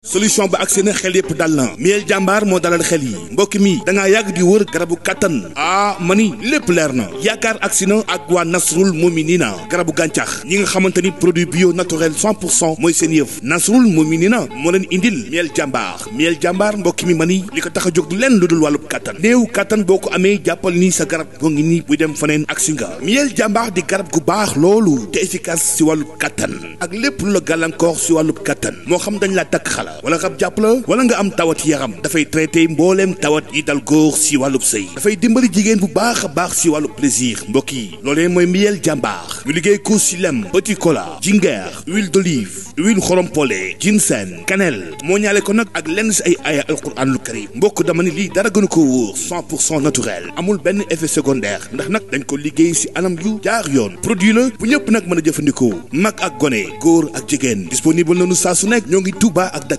solution ba ak seen xel yëpp dal na miel jàmbaar moo dalal xel yi mbokki mi da yàgg di wër garabu kattan ah mani lépp leer na yaakaar agsi na ak waa nasrul muminina garabu gàncax ñi nga xamante ni produit bio naturel 100 pour cent mooy moom yëf nasrul na moo leen indil miel jàmbaar miel jàmbaar mbokki mi mani li ko tax a jóg du leen lu dul wàllub kattan néew kattan boo ko amee jàppal ni sa garab goo ngi nii buy dem faneen agsi nga miel jàmbaar di garab gu baax loolu te efficace si wàllub kattan ak lépp lu gàllankoor si wàllub kattan moo xam dañ laa takk la wala rab jàpp la wala nga am tawat yaram dafay traité mbooleem tawat yi dal góor si wàllub sëy dafay dimbali jigéen bu baax a baax si wàllu plaisir mbokk yi loolee mooy miel jàmbaar ñu liggéey ko si lem petit cola jingeer huile d'olive huile xorompolé ginseng cannelle moo ñaale ko nag ak lenn si ay aya alquranul karim mbokk dama ni lii dara gënu ko wóor 100 pour naturel amul benn efe secondaire ndax nag dañ ko liggéey si anam yu jaar yoon produit la bu ñëpp nag mën a jëfandikoo mag ak gone góor ak jigéen disponible nañu saa su nekk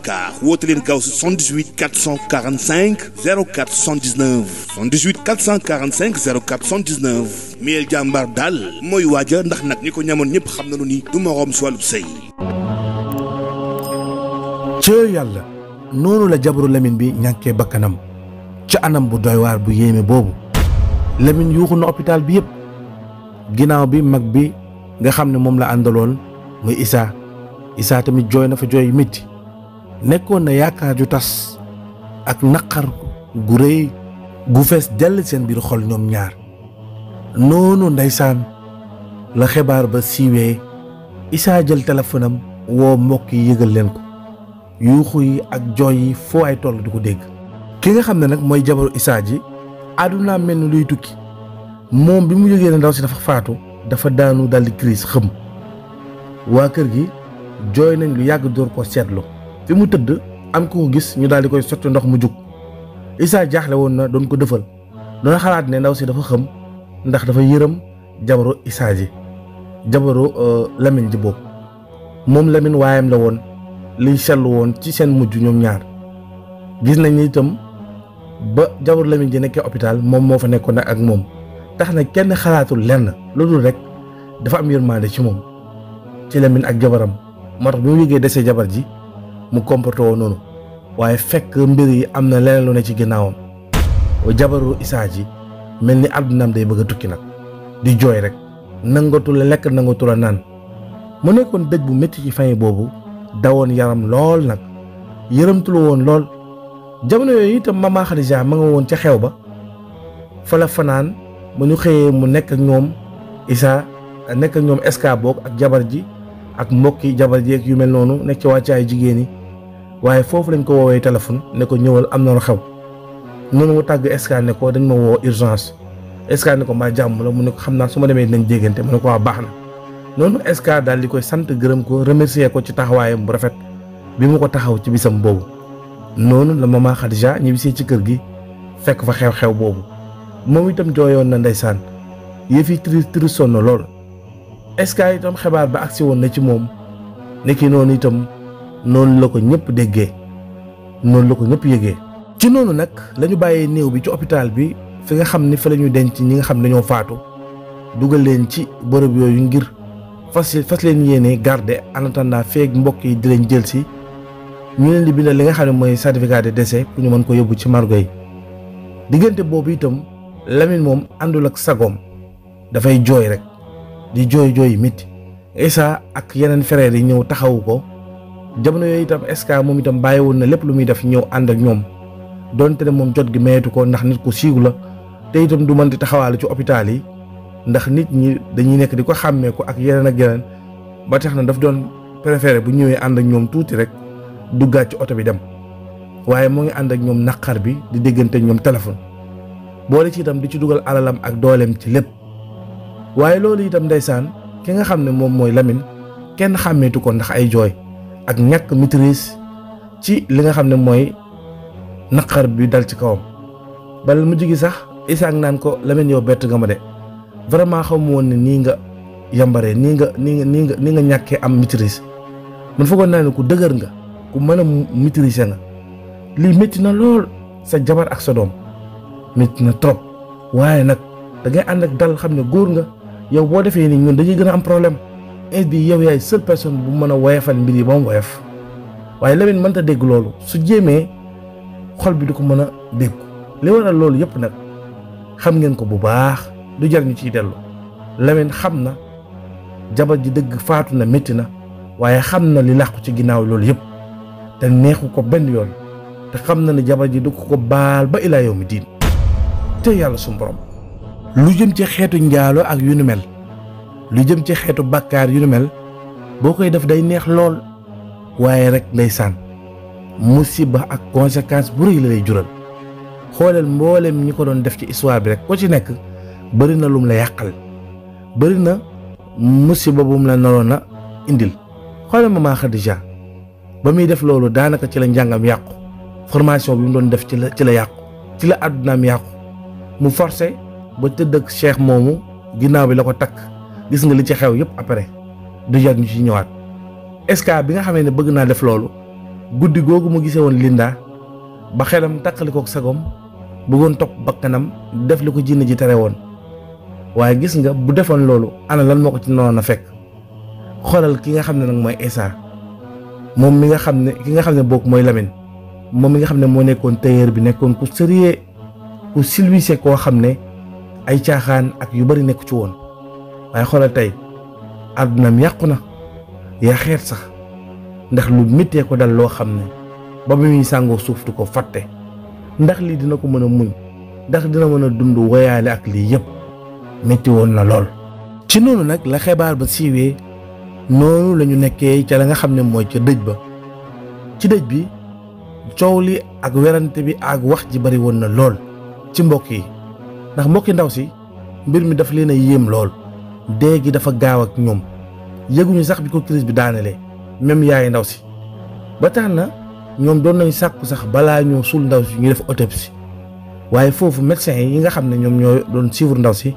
Dakar woote leen gaaw si 78 445 04 79 78 445 04 79 miel jàmbaar daal mooy waaja ndax nag ñi ñamoon ñëpp xam nañu ni du moroom si yàlla noonu la jabaru Lamine bi ñànkee bakkanam ca anam bu doy waar bu yéeme boobu Lamine yuuxu na hôpital bi yëpp ginnaaw bi mag bi nga xam ne moom la àndaloon muy Issa Issa tamit jooy na fa jooy métti nekkoon na yaakaar ju tas ak naqar gu rëy gu fees dell seen biir xol ñoom ñaar noonu ndeysaan la xibaar ba siiwee Issa jël téléphone woo mbokk yi yëgal leen ko yuuxu yi ak jooy yi foo ay toll di ko dégg ki nga xam ne nag mooy jabaru Issa ji àdduna mel ni luy tukki moom bi mu jógee ne ndaw si dafa faatu dafa daanu daldi crise xëm waa kër gi jooy nañ lu yàgg door ko seetlu fi mu tëdd am ku ko gis ñu daal di koy sotti ndox mu jug Issa jaaxle woon na doon ko dëfal doon xalaat ne ndaw si dafa xam ndax dafa yërëm jabaru Issa ji jabaru euh, Lamine ji boobu moom lemin waayam la woon liy sellu woon ci seen mujj ñoom ñaar gis nañ itam ba jabaru Lamine ji nekkee hôpital moom moo fa nekkoon ak moom tax na kenn xalaatul lenn loolu rekk dafa am yërmande ci moom ci Lamine ak jabaram moo tax bi mu yëgee dese jabar ji. mu comporté woo noonu waaye fekk mbir yi am na leneen lu ne ci ginnaawam jabaru Isaa ji mel ni àddunaam day bëgg a tukki nag di jooy rek nangatul la lekk nangatul la naan mu nekkoon dëj bu métti ci fay boobu dawoon yaram lool nag yërëmtu woon lool jamono yooyu itam mama Khadija ma nga woon ca xew ba fa la fanaan ba ñu xëyee mu nekk ñoom Isaa nekk ñoom escabok ak jabar ji ak mbokki jabar ji ak yu mel noonu nekk ci wàccaay jigéen yi waaye foofu lañu ko woowee téléphone ne ko ñëwal am na lu xew noonu mu tàgg Escane ne ko dañ ma woo urgence Escane ne ko maa jàmm la mu ne xam naa su ma demee dinañ jéggante mu ne ko waa baax na noonu Escane daal di koy sant gërëm ko remercier ko ci taxawaayam bu rafet bi mu ko taxaw ci bisam boobu noonu la maman Khadija ñibbisee ci kër gi fekk fa xew-xew boobu moom itam jooyoon na ndeysaan yëf yi tri trisoon na lool Escane itam xibaar ba agsi woon na ci moom nekki noonu itam. noonu la ko ñëpp déggee noonu la ko ñëpp yëgee ci noonu nag lañu bàyyee néew bi ci hôpital bi fi nga xam ni fa lañu ñu denc ñi nga xam ne dañoo faatu dugal leen ci bërëb yooyu ngir fas fas leen yéene garder en attendant feeg mbokk yi di leen jël si ñu leen di bindal li nga xam ne mooy certificat de décès pour ñu mën ko yóbbu ci margo yi diggante boobu itam Lamine moom àndul ak sagoom dafay jooy rek di jooy jooy métti Issa ak yeneen frères yi ñëw taxawu ko jamono yooyu itam Escale moom itam bàyyi woon na lépp lu muy def ñëw ànd ak ñoom donte ne moom jot gi mayetu ko ndax nit ku siiw la te itam du mënti di taxawaale ci hôpital yi ndax nit ñi dañuy nekk di ko xàmmee ko ak yeneen ak yeneen ba tax na daf doon préféré bu ñëwee ànd ak ñoom tuuti rek duggaat ci oto bi dem waaye moo ngi ànd ak ñoom naqar bi di déggante ñoom téléphone boole ci itam di ci dugal alalam ak dooleem ci lépp waaye loolu itam ndeysaan ki nga xam ne moom mooy Lamine kenn xàmmeetu ko ndax ay jooy ak ñàkk maîtrise ci li nga xam ne mooy naqar bi dal ci kawam bala mu jigi sax isaak naan ko Lamine yow bett nga ma de vraiment xaw ma woon ne nii nga yambaree nii nga nii nga nii nga nii nga ñàkkee am maîtrise man foogoon naa ne ku dëgër nga ku mën a maîtriser nga lii metti na lool sa jabar ak sa doom métti na trop waaye nag da ànd ak dal xam ne góor nga yow boo defee nii ñun dañuy gën a am problème heure bi yow yaay seule personne bu mën a woyefal mbir yi ba mu woyef waaye Lamine mënta dégg loolu su jéemee xol bi du ko mën a dégg li waral loolu yëpp nag xam ngeen ko bu baax lu jar ñu ciy dellu Lamine xam na jabar ji dëgg faatu na métti na waaye xam na li làqu ci ginnaaw loolu yëpp te neexu ko benn yoon te xam na ne jabar ji du ko ko baal ba ilaa yow mi diin te yàlla sumborom lu jëm ci xeetu njaaloo ak yu nu mel lu jëm ci xeetu bàkkaar yu nu mel boo koy def day neex lool waaye rek ndeysaan musiba ak conséquence bu rëy la lay jural xooleel mbooleem ñi ko doon def ci histoire bi rek ko ci nekk bëri na lum la yàqal bëri na musiba bu mu la naroon a indil xoolal maman Khadija ba muy def loolu daanaka ci la njàngam yàqu formation bi mu doon def ci la ci la yàqu ci la àddunaam yàqu mu forcé ba tëdd ak cheikh moomu ginnaaw bi la ko takk gis nga li ci xew yëpp après du jar ñu ci ñëwaat Escart bi nga xamee ne bëgg naa def loolu guddi googu mu gisee woon Linda ba xelam takkali kook sagom bëggoon topp bakkanam def li ko jinne ji tere woon waaye gis nga bu defoon loolu ana lan moo ko ci noonu a fekk xoolal ki nga xam ne nag mooy Essa moom mi nga xam ne ki nga xam ne boog mooy Lamine moom mi nga xam ne moo nekkoon tailleur bi nekkoon ku sérieux ku silvisé koo xam ne ay caaxaan ak yu bari nekk ci woon waaye xoolal tey àddunam yàqu na yaa xeet sax ndax lu méttee ko dal loo xam ne ba muy sàngoo suuf du ko fàtte ndax lii dina ko mën a muñ ndax dina mën a dund woyaale ak lii yëpp métti woon na lool. ci noonu nag la xebaar ba siiwee noonu lañu nekkee ca la nga xam ne mooy ca dëj ba ci dëj bi coow li ak werante bi ak wax ji bari woon na lool ci mbokk yi ndax mbokki ndaw si mbir mi daf leen a yéem lool. dee dafa gaaw ak ñoom yëguñu sax bi ko crise bi daanelee même yaay ndaw si ba tax na ñoom doon nañ sàkku sax balaa ñoo suul ndaw si ñu def autopsie waaye foofu médecin yi nga xam ne ñoom ñoo doon suivre ndaw si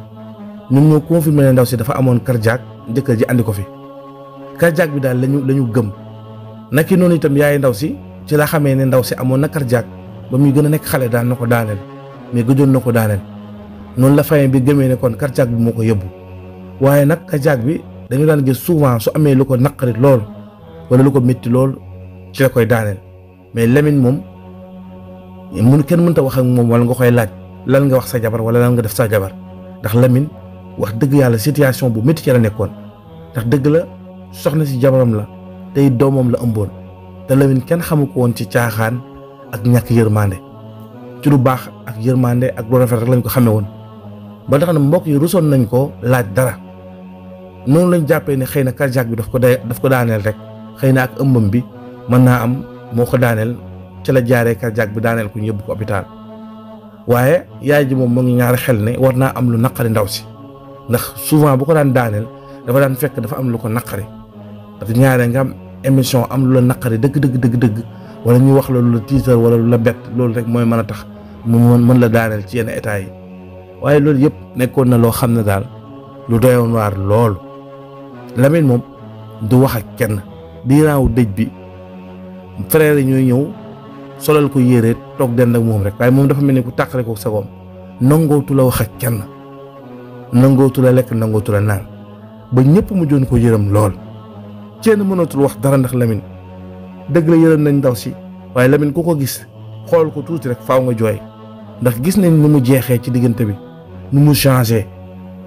ñoom ñoo confirmé ne ndaw si dafa amoon cardiaque jëkkër ji àndi ko fi cardiaque bi daal lañu la ñu gëm naki noonu itam yaay ndaw si ci laa xamee ne ndaw si amoon na cardiaque ba muy gën a nekk xale daan na ko daaneel mais gëjoon na ko daaneel noonu la fayin bi gëmee ne kon cardiaque moo ko yóbbu waaye nag Kajaak bi dañu daan gis souvent su amee lu ko naqari lool wala lu ko métti lool ci la koy daaneel mais lemin moom mun kenn mënta wax ak moom wala nga koy laaj lan nga wax sa jabar wala lan nga def sa jabar ndax Lamine wax dëgg yàlla situation bu métti ci la nekkoon ndax dëgg la soxna si jabaram la tey doomam la ëmboon te Lamine kenn xamu ko woon ci caaxaan ak ñàkk yërmande ci lu baax ak yërmande ak lu rafet rek lañ ko xamee woon ba tax mbokk yi rusoon nañ ko laaj dara noonu lañ jàppee ne xëy na cardiaque bi daf ko day daf ko daaneel rek xëy na ak ëmbam bi mën naa am moo ko daaneel ci la jaaree cardiaque bi daaneel ko ñu yóbbu ko hôpital waaye yaay ji moom mu ngi ñaari xel ne war naa am lu naqari ndaw si ndax souvent bu ko daan daaneel dafa daan fekk dafa am lu ko naqari parce que ñaaree nga am émission am lu la naqari dëgg dëgg dëgg dëgg wala ñu wax la lu la tiitar wala lu la bett loolu rek mooy mën a tax mu mën la daaneel ci yenn état yi waaye loolu yëpp nekkoon na loo xam ne daal lu doyoon waar loolu Lamine moom du wax ak kenn diiraawu dëj bi frère yi ñooy ñëw solal ko yére toog dend ak moom rek waaye moom dafa mel ni ku tàqale ko sagoom nangootu la wax ak kenn nangootu la lekk nangootu la naan ba ñëpp mujjoon ko yërëm lool kenn mënatul wax dara ndax Lamine dëgg la yërëm nañ ndaw si waaye Lamine ku ko gis xool ko tuuti rek faw nga jooy ndax gis nañ ni mu jeexee ci diggante bi nu mu changé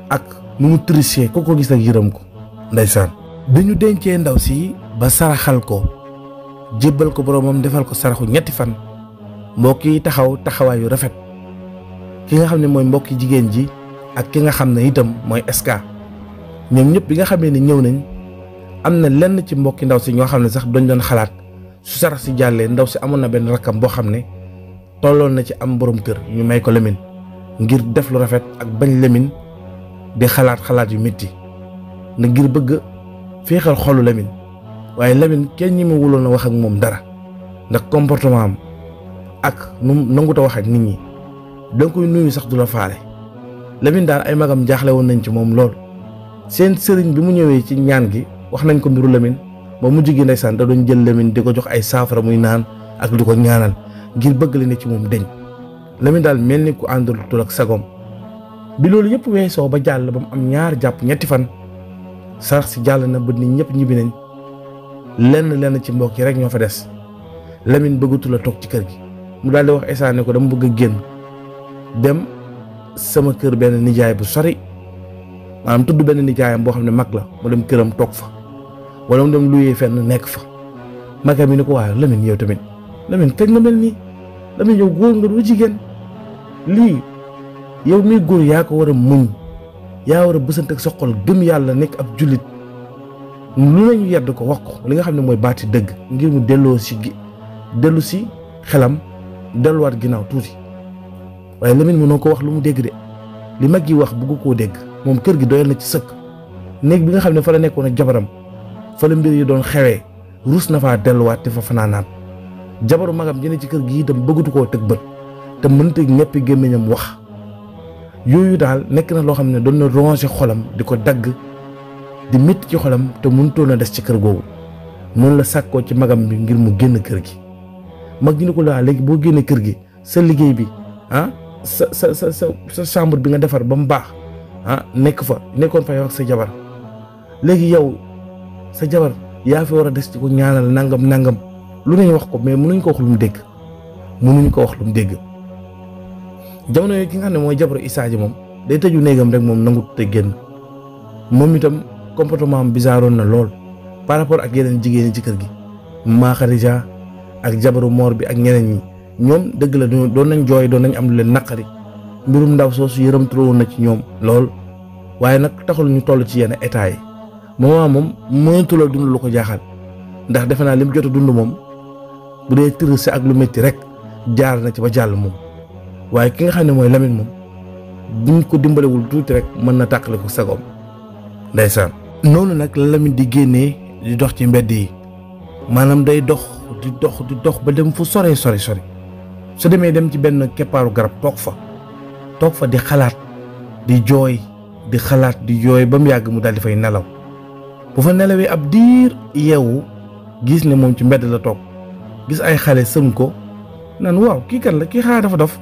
ak nu mu tricé ku ko gis ak yërëm ko ndeysaan bi ñu dencee ndaw si ba saraxal ko jébbal ko boroomam defal ko saraxu ñetti fan mbokk yi taxaw taxawaayu rafet ki nga xam ne mooy mbokki jigéen ji ak ki nga xam ne itam mooy SK ñoom ñëpp bi nga xamee ne ñëw nañ am na lenn ci mbokki ndaw si ñoo xam ne sax dañ doon xalaat su sarax si jàllee ndaw si amoon na benn rakkam boo xam ne tolloon na ci am boroom kër ñu may ko lemin ngir def lu rafet ak bañ lemin di xalaat xalaat yu métti. na ngir bëgg féexal xolu Lamine waaye Lamine kenn ñi ma wuloon a wax ak moom dara ndax comportement am ak nu nangut a wax ak nit ñi danga koy nuyu sax du la faale Lamine daal ay magam jaaxle woon nañ ci moom lool seen sëriñ bi mu ñëwee ci ñaan gi wax nañ ko mbiru Lamine ba mu jigéen ndeysaan da doon jël Lamine di ko jox ay saafara muy naan ak di ko ñaanal ngir bëgg li ne ci moom deñ Lamine daal mel ni ku àndul ak sagom bi loolu yëpp weesoo ba jàll ba mu am ñaar jàpp ñetti fan sarax si jàll na ba ni ñëpp ñibbi nañ lenn lenn ci mbokk yi rek ñoo fa des lemin bëggatul a toog ci kër gi mu daal di wax Essa ne ko dama bëgg a génn dem sama kër benn nijaay bu sori maanaam tudd benn nijaayam boo xam ne mag la mu dem këram toog fa wala mu dem luyee fenn nekk fa magam yi ne ko waaye Lamine yow tamit Lamine kañ nga mel nii Lamine yow góor nga du jigéen lii yow mii góor yaa ko war a muñ yaa war a bësante ak sa xol gëm yàlla nekk ab jullit lu nañu yedd ko wax ko li nga xam ne mooy baati dëgg ngir mu delloo si dellu si xelam delluwaat ginnaaw tuuti waaye Lamine noo ko wax lu mu dégg de li mag yi wax bëgg koo dégg moom kër gi doyal na ci sëkk néeg bi nga xam ne fa la nekkoon ak jabaram fa la mbir yi doon xewee ruus na faa delluwaat te fa fanaanaan jabaru magam ji ci kër gi itam bëggatu koo tëg bët te mënta ñeppi gémmiñam wax yooyu daal nekk na loo xam ne doon na ronger xolam di ko dagg di métti ci xolam te mun mënutoon a des ci kër googu noonu la sàkkoo ci magam bi ngir mu génn kër gi mag ñu ne ko laa léegi boo génnee kër gi sa liggéey bi ah sa sa sa sa chambre bi nga defar ba mu baax ah nekk fa nekkoon fa yow sa jabar léegi yow sa jabar yaa fi war a des ci ko ñaanal nangam nangam lu nañ wax ko mais mënuñ ko wax lu mu dégg mënuñ ko wax lu mu dégg jamono yooyu ki nga xam ne mooy jabaru Issa Diagne moom day tëju néegam rek moom nangut te génn moom itam comportement am bizarroon na lool par rapport ak yeneen jigéen ci kër gi maa Khadija ak jabaru moor bi ak ñeneen ñi ñoom dëgg la doon nañ jooy doon nañ am lu leen naqari mbirum ndaw soosu yërëm turowoon na ci ñoom lool waaye nag taxul ñu toll ci yenn état yi moment moom mënatu dund lu ko jaaxal ndax defe naa li jot a dund moom bu dee tërës ak lu métti rek jaar na ci ba jàll moom waaye ki nga xam ne mooy Lamine moom buñ ko dimbalewul tuuti rek mën na tàqale ko sagoom ndeysaan noonu nag la Lamine di génnee di dox ci mbedd yi maanaam day dox di dox di dox ba dem fu sore sore sore su demee dem ci benn keppaaru garab toog fa toog fa di xalaat di jooy di xalaat di jooy ba mu yàgg mu daal di fay nelaw bu fa nelawee ab diir yeewu gis ne moom ci mbedd la toog gis ay xale sëm ko naan waaw kii kan la kii xanaa dafa dof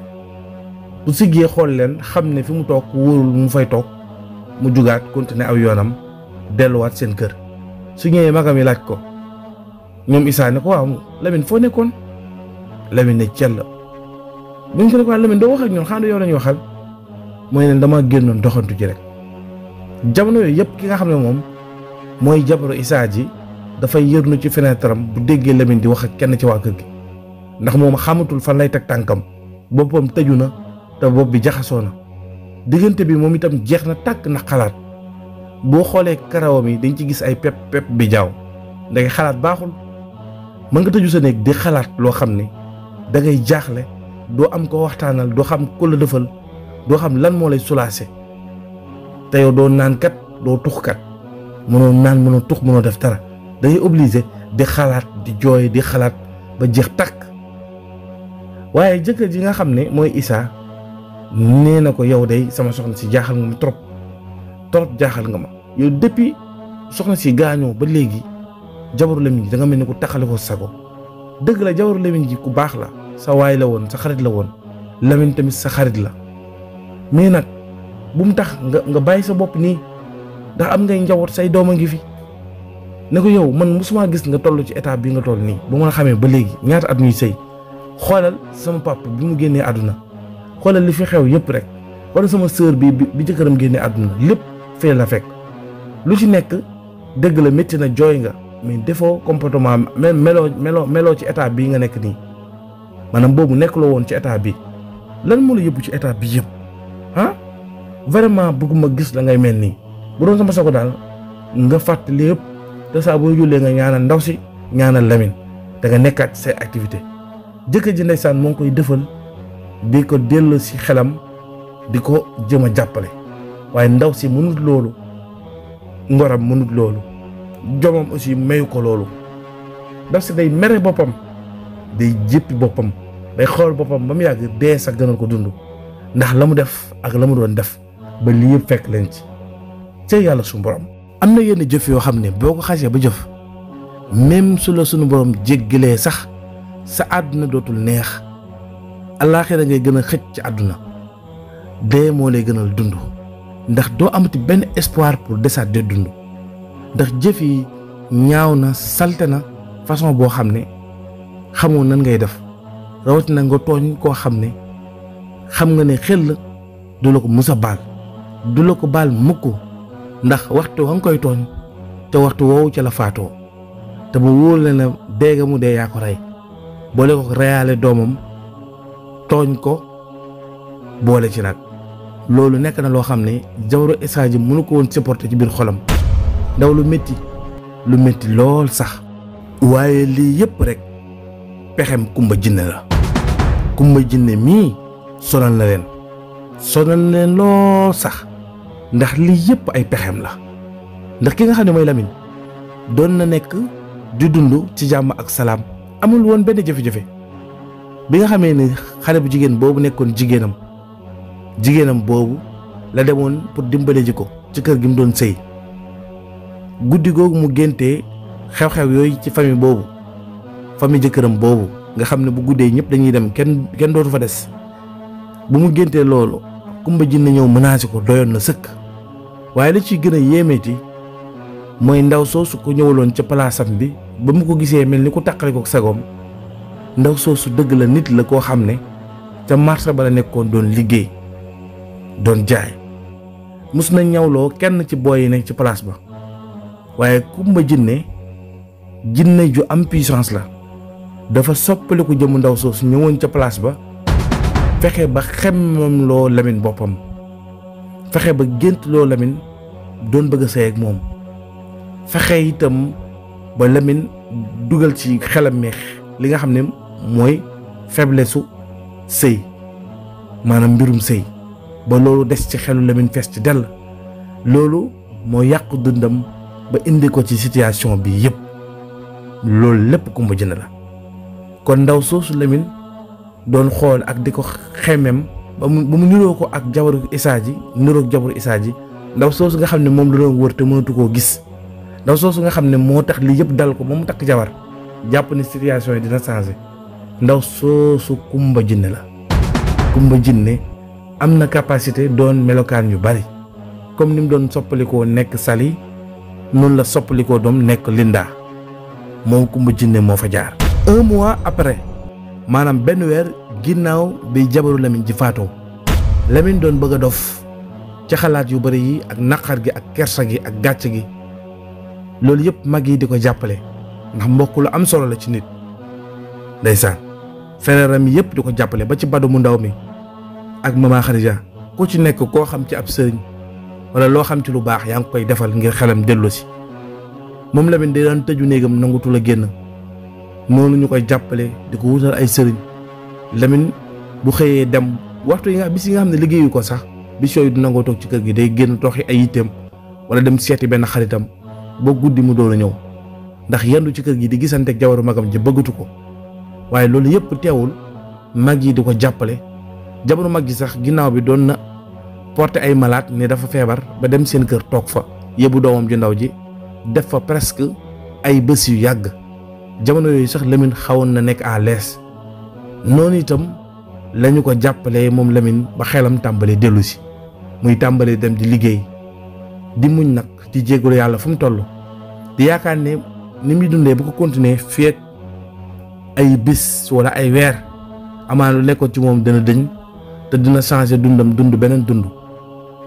bu siggee xool leen xam ne fi mu toog wóorul mu fay toog mu jugaat continuer aw yoonam delluwaat seen kër su ñëwee magam yi laaj ko ñoom Issa ne ko waaw lemin foo nekkoon Lamine ne cell buñ ko ne ko waaw Lamine doo wax ak ñoom xanaa yow lañuy waxal mooy ne dama génnoon doxantu ji rek jamono yooyu yëpp ki nga xam ne moom mooy jabaru Issa ji dafay yërnu ci fenêtre am bu déggee lemin di wax ak kenn ci wax kër gi ndax moom xamatul fan lay teg tànkam boppam na. te bopp bi jaxasoo na diggante bi moom itam jeex na tàkk na xalaat boo xoolee karawam yi dañ ci gis ay pep pep bi jaaw dangay xalaat baaxul mën nga tëju sa néeg di xalaat loo xam ne da ngay jaaxle doo am ko waxtaanal doo xam ko la dëfal doo xam lan moo lay sulaase te yow doo naan kat doo tuxkat kat mënoo naan mënoo tux mënoo def dara da ngay di xalaat di jooy di xalaat ba jeex tàkk waaye jëkkër ji nga xam ne mooy Issa nee na ko yow day sama soxna si jaaxal nga ma trop trop jaaxal nga ma yow depuis soxna si gaañoo ba léegi jabaru Lamine ji danga mel ni ku taxale ko sago dëgg la jabaru Lamine ji ku baax la sa waay la woon sa xarit la woon Lamine tamit sa xarit la mais nag bu mu tax nga nga bàyyi sa bopp nii dax am ngay njaboot say doom a ngi fi ne ko yow man mosuma gis nga toll ci état bi nga toll nii ba ma xamee ba léegi ñaata at ñuy sëy xoolal sama papa bi mu génnee àdduna xoolal li fi xew yëpp rek wala sama sœur bi bi jëkkëram génne àdduna lépp fee la fekk lu ci nekk dëgg la métti na jooy nga mais defoo comportement même meloo meloo meloo ci état bii nga nekk nii maanaam boobu nekkuloo woon ci état bi lan moo la yóbbu ci état bi yëpp ah vraiment bëgguma gis la ngay mel nii bu doon sama sago daal nga fàttali yëpp te saa boo jullee nga ñaanal ndaw si ñaanal Lamine da nga nekkaat say activité jëkkër ji ndeysaan moo ngi koy defal di ko dellu si xelam di ko jëm a jàppale waaye ndaw si mënut loolu ngoram mënut loolu jomam aussi mayu ko loolu ndaw si day mere boppam day jéppi boppam day xool boppam ba mu yàgg dee sax gënal ko dund ndax la mu def ak la mu doon def ba lii yëpp fekk leen ci ca yàlla suñu borom. am na yenn jëf yoo xam ne boo ko xasee ba jëf même su la sunu borom jéggalee sax sa àdduna dootul neex. alaaxira ngay gën a xëcc ci àdduna dee moo lay gënal dund ndax doo amati benn espoir pour desaat de dund ndax jëf yi ñaaw na salte na façon boo xam ne xamoo nan ngay def rawatina nga tooñ koo xam ne xam nga ne xel du la ko mus a baal du la ko baal mukk ndax waxtu wa nga koy tooñ te waxtu woowu ca la faatoo te mu wóor la ne dee mu dee yaa ko rey boole ko reyaale doomam tooñ ko boole ci nag loolu nekk na loo xam ne Jawhara Issa Dieng mënu ko woon supporter ci biir xolam ndaw lu metti lu métti lool sax waaye lii yëpp rek pexem kumba jinne la kumba jinne mii sonal na leen sonal na leen lool sax ndax lii yëpp ay pexem la ndax ki nga xam ne mooy Lamine doon na nekk di dund ci jàmm ak salaam amul woon benn jafe-jafe bi nga xamee ne xale bu jigéen boobu nekkoon jigéenam jigéenam boobu la demoon pour dimbale ji ko ci kër gi mu doon sëy guddi googu mu génte xew-xew yooyu ci famille boobu famille jëkkëram boobu nga xam ne bu guddee ñëpp dañuy dem kenn kenn dootu fa des bu mu géntee loolu kumba jinne ñëw menacé ko doyoon na sëkk waaye li ciy gën a yéemeeti mooy ndaw soosu ko ñëwaloon ci palaasam bi ba mu ko gisee mel ni ku taqale ko sagoom ndaw soosu dëgg la nit la koo xam ne ca marché ba la nekkoon doon liggéey doon jaay mus na ñawloo kenn ci booy yi nekk ci place ba waaye kumba jinne jinne ju am puissance la dafa soppaliku jëmu ndaw soosu ñëwoon ca place ba fexe ba xemmam loo lamin boppam fexe ba gént loo lamin doon bëgg a sëy ak moom fexe itam ba lamin dugal ci xelam meex li nga xam ne mooy faiblesse su sëy maanaam mbirum sëy ba loolu des ci xelu lemin fees ci dell loolu moo yàqu dundam ba indi ko ci situation bi yëpp loolu lépp ku mujj na la kon ndaw soosu lemin doon xool ak di ko xemem ba mu ba mu niroo ko ak jabaru Isaa yi niroog jabaru Isaa yi ndaw soosu nga xam ne moom la doon wër te mënatu koo gis ndaw soosu nga xam ne moo tax lii yëpp dal ko ba mu takk jabar jàpp ni situation yi dina changé ndaw soosu kumba jinne la kumba jinne am na capacité doon melokaan yu bari comme ni mu doon soppalikoo nekk Sali noonu la soppalikoo doom nekk lindaa moom kumba jinne moo fa jaar un mois maanaam benn weer ginnaaw bi jabaru Lamine ji faatoo lemin doon bëgg a dof ci xalaat yu bari yi ak naqar gi ak kersa gi ak gàcc gi loolu yëpp mag yi di ko jàppale ndax mbokk am solo la ci nit ndeysaan fereeram yëpp di ko jàppale ba ci badu mu ndaw mi ak mama Xadija ci nekk koo xam ci ab sëriñ wala loo xam ci lu baax yaa ngi koy defal ngir xelam dellu si moom lemin di daan tëju néegam nangutul a génn noonu ñu koy jàppale di ko wutal ay sëriñ Lamine bu xëyee dem waxtu yi nga yi nga xam ne liggéeyu ko sax bis yooyu du nangoo toog ci kër gi day génn toxi ay yitteem wala dem seeti benn xaritam ba guddi mu doon a ñëw ndax yendu ci kër gi di gisanteeg jawaru magam ji bëggatu ko. waaye loolu yëpp teewul mag yi di ko jàppale jamono mag yi sax ginnaaw bi doon na porter ay malaat ne dafa feebar ba dem seen kër toog fa yóbbu doomam ju ndaw ji def fa presque ay bés yu yàgg jamono yooyu sax lemin xawoon na nekk à l'aise noonu itam lañu ko jàppalee moom lemin ba xelam tàmbalee dellu si muy tàmbalee dem di liggéey di muñ nag di jégalu yàlla fu mu toll di yaakaar ne ni muy dundee bu ko continuer fii ay bis wala ay weer amaana lu nekkoon ci moom dana dëñ te dina changer dundam dund beneen dund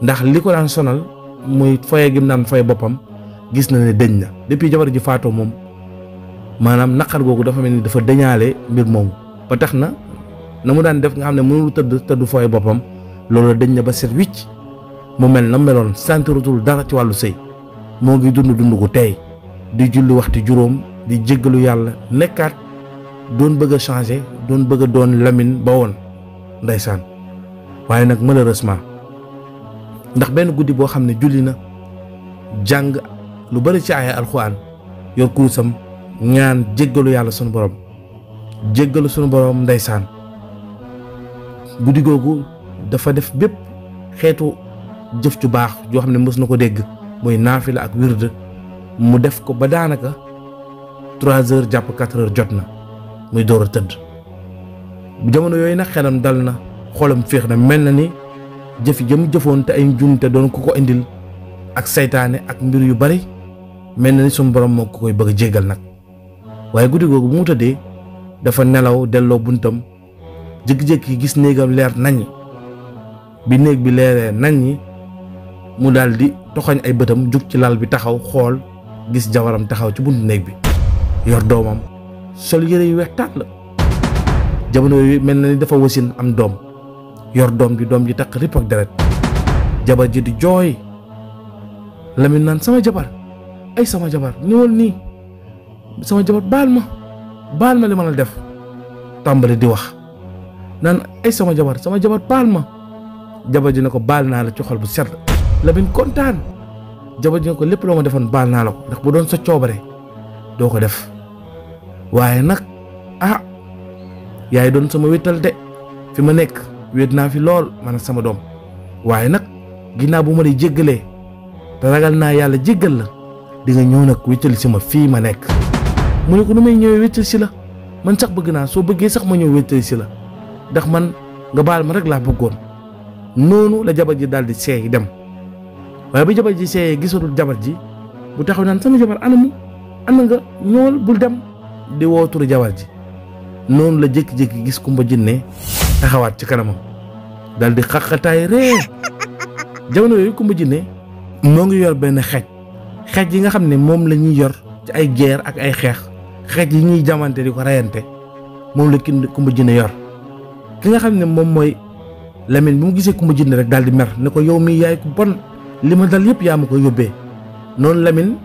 ndax li ko daan sonal muy foye gim naan foye boppam gis na ne dëñ na depuis jabar ji faatoo moom maanaam naqar googu dafa mel ni dafa dañaale mbir moomu ba tax na na mu daan def nga xam ne mënul tëdd tëddu foye boppam loolu dañ na ba set wicc mu mel na meloon santiratul dara ci wàllu sëy moo ngi dund dund ko tey di julli waxtu juróom di jéggalu yàlla doon bëgg a changer doon bëgg doon Lamine ba woon ndeysaan waaye nag malheureusement ndax benn guddi boo xam ne julli na jàng lu bari ci ay alxuraan yor kuusam ñaan jéggalu yàlla sunu borom jéggalu sunu borom ndeysaan guddi googu dafa def bépp xeetu jëf ju baax joo xam ne mës na ko dégg muy naafila ak wird mu def ko ba daanaka trois heures jàpp quatre heures jot na muy door a tëdd jamono yooyu nag xelam dal na xoolam féex na mel na ni jëf jëm jëfoon te ay njuumte doon ku ko indil ak seytaane ak mbir yu bari mel na ni suñu borom moo ko koy bëgg a jéggal nag waaye guddi googu bu mu tëddee dafa nelaw delloo buntam jékki-jékki gis néegam leer naññi bi néeg bi leeree naññi mu daal di toxañ ay bëtam jug ci lal bi taxaw xool gis jabaram taxaw ci buntu néeg bi yor doomam sol yëre yu weex tàll la mel na ni dafa wasin am doom yor doom ji doom ji takk ripp ak deret jabar ji di jooy Lamine naan sama jabar ay sama jabar ñëwal nii sama jabar baal ma baal ma li ma la def tàmbali di wax naan ay sama jabar sama jabar baal ma jabar ji ne ko baal naa la ci xol bu sedd Lamine kontaan jabar ji ne ko lépp loo ma defoon baal naa la ko ndax bu doon sa coobare doo ko def waaye nag ah yaay doon sama wétal de fi ma nekk wéet naa fi lool man ak sama doom waaye nag ginnaaw bu ma lay jéggalee te ragal naa yàlla jéggal la di nga ñëw nag wétal si ma fii ma nekk mu ne ko nu may ñëwee wétal si la man sax bëgg naa soo bëggee sax ma ñëw wétal si la ndax man nga baal ma rek laa bëggoon noonu la jabar ji daal di seey dem waaye ba jabar ji seeyee gisatul jabar ji bu taxaw naan sama jabar anamu ana nga ñëwal bul dem di woo turu jabar ji noonu la jékki-jékki gis kumba jinne taxawaat ci kanamam daal di xaqataay ree jamono yooyu kumba jinne moo ngi yor benn xeej xeej yi nga xam ne moom la ñuy yor ci ay guerre ak ay xeex xeej yi ñuy jamante di ko reyante moom la kin kumba jinne yor ki nga xam ne moom mooy Lamine bi mu gisee kumba jinne rek daal di mer ne ko yow mii yaay ku bon li ma dal yëpp yaa ma ko yóbbee noonu Lamine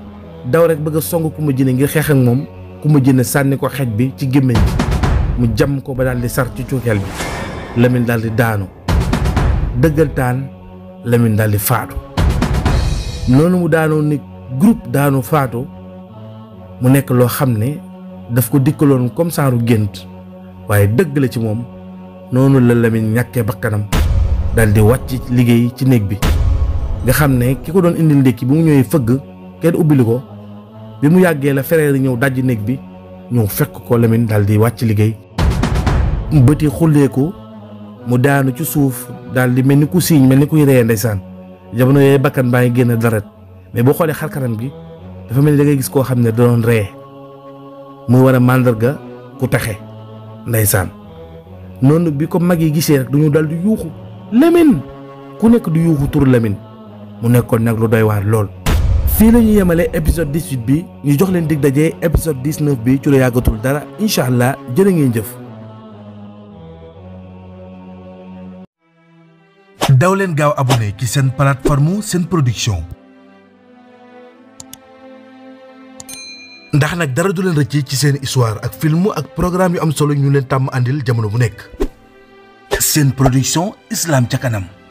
daw rek bëgg a song kumba jinne ngir xeexak ak moom ku ma jënd sànni ko xej bi ci gémmiñ bi mu jam ko ba daal di sar ci cuukeel bi Lamine daal daanu dëggantaan Lamine daldi di faatu noonu mu daanoo ni groupe daanu faatu mu nekk loo xam ne daf ko dikkaloon comme saaru gént waaye dëgg la ci moom noonu la Lamine ñàkkee bakkanam daal di wàcc liggéey ci néeg bi nga xam ne ki ko doon indil ndékki bu mu ñëwee fëgg kenn ubbili ko bi mu yàggee la frère yi ñëw dajji néeg bi ñëw fekk ko Lamine daal di wàcc liggéey bëti xulleeku mu daanu ci suuf daal di mel ni ku siiñ mel ni kuy reyee ndeysaan jamono yooyu bakkan baa ngi génn deret mais boo xoolee xar gi dafa mel ni da ngay gis koo xam ne da doon reyee muy war a màndarga ku texe ndeysaan noonu bi ko mag yi gisee rek du ñu dal di yuuxu Lamine ku nekk di yuuxu tur Lamine mu nekkoon nag lu doy waar lool. fii la ñu yemale épisode bi ñu jox leen dig daje épisode 19 bi ci lu yàggatul dara incha allah jërë ngeen jëf. daw leen gaaw abonné ci seen plateforme seen production. ndax nag dara du leen rëcc ci seen histoire ak film ak programme yu am solo ñu leen tàmm àndil jamono bu nekk. seen production Islam ca kanam.